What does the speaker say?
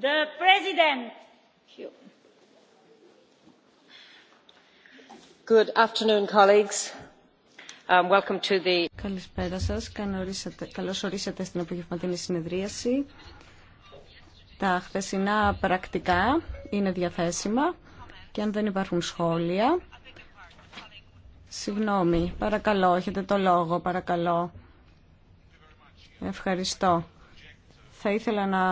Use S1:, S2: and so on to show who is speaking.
S1: The
S2: Good afternoon,
S3: colleagues. Um, welcome to the... Καλησπέρα σας. Καλώς ορίσατε στην απογευματινή συνεδρίαση. Τα χθεσινά πρακτικά είναι διαθέσιμα και αν δεν υπάρχουν σχόλια... Συγγνώμη, παρακαλώ, έχετε το λόγο, παρακαλώ.
S4: Ευχαριστώ. Θα ήθελα να